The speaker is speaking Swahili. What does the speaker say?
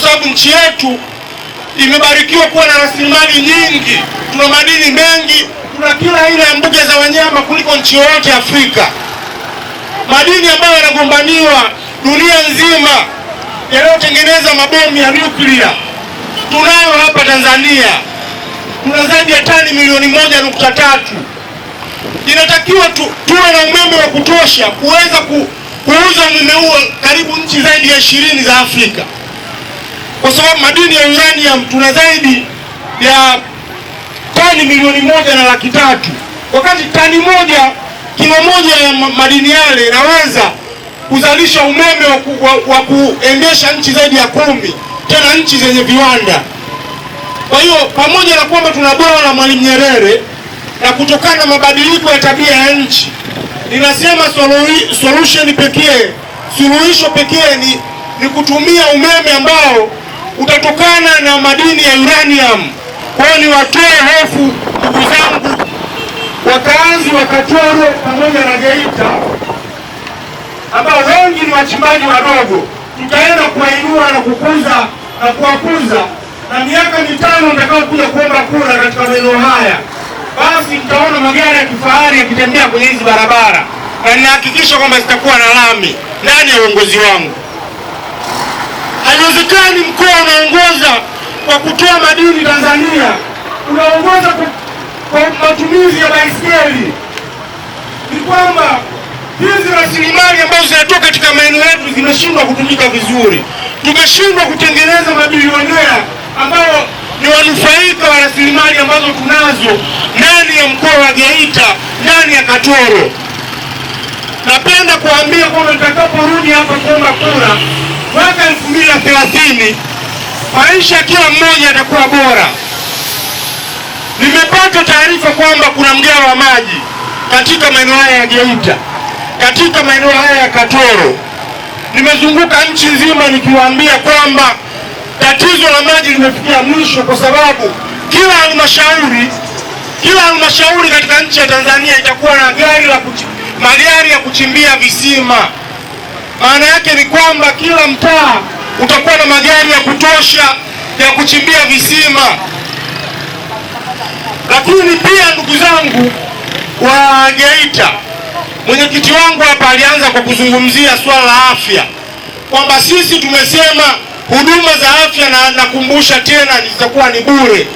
kwa sababu nchi yetu imebarikiwa kuwa na rasilimali nyingi, tuna madini mengi, tuna kila aina ya mbuga za wanyama kuliko nchi yoyote Afrika. Madini ambayo yanagombaniwa dunia nzima, yanayotengeneza mabomu ya nyuklia tunayo hapa Tanzania, tuna zaidi ya tani milioni moja nukta tatu. Inatakiwa tu, tuwe na umeme wa kutosha kuweza ku, kuuza umeme huo karibu nchi zaidi ya ishirini za Afrika kwa sababu madini ya uranium tuna zaidi ya tani milioni moja na laki tatu wakati tani moja kilo moja ya madini yale inaweza kuzalisha umeme wa kuendesha nchi zaidi ya kumi, tena nchi zenye viwanda. Kwa hiyo pamoja na kwamba tuna bwawa la Mwalimu Nyerere na kutokana na mabadiliko ya tabia ya nchi, ninasema solution pekee, suluhisho pekee ni, ni kutumia umeme ambao utatokana na madini ya uranium. Kwa hiyo niwatoe hofu ndugu zangu wakaanzi wa Katoro pamoja na Geita ambao wengi ni wachimbaji wadogo, tutaenda kuwainua na kukuza na kuwakuza, na miaka mitano kuja kuomba kura katika maeneo haya, basi mtaona magari ya kifahari yakitembea kwenye hizi barabara, na ninahakikisha kwamba zitakuwa na lami ndani ya uongozi wangu. Haiwezekani mkoa unaongoza kwa kutoa madini Tanzania, unaongoza kwa matumizi ya baiskeli. Ni kwamba hizi rasilimali ambazo zinatoka katika maeneo yetu zimeshindwa kutumika vizuri, tumeshindwa kutengeneza mabilionea ambao ni wanufaika wa rasilimali ambazo tunazo ndani ya mkoa wa Geita, ndani ya Katoro. Napenda kuambia kwamba nitakaporudi hapa kuomba kura mwaka thelathini maisha kila mmoja atakuwa bora. Nimepata taarifa kwamba kuna mgao wa maji katika maeneo haya ya Geita, katika maeneo haya ya Katoro. Nimezunguka nchi nzima nikiwaambia kwamba tatizo la maji limefikia mwisho, kwa sababu kila halmashauri kila halmashauri katika nchi ya Tanzania itakuwa na gari la magari ya kuchimbia visima. Maana yake ni kwamba kila mtaa utakuwa na magari ya kutosha ya kuchimbia visima. Lakini pia ndugu zangu wa Geita, mwenyekiti wangu hapa alianza kwa kuzungumzia swala la afya, kwamba sisi tumesema huduma za afya, na nakumbusha tena, zitakuwa ni bure.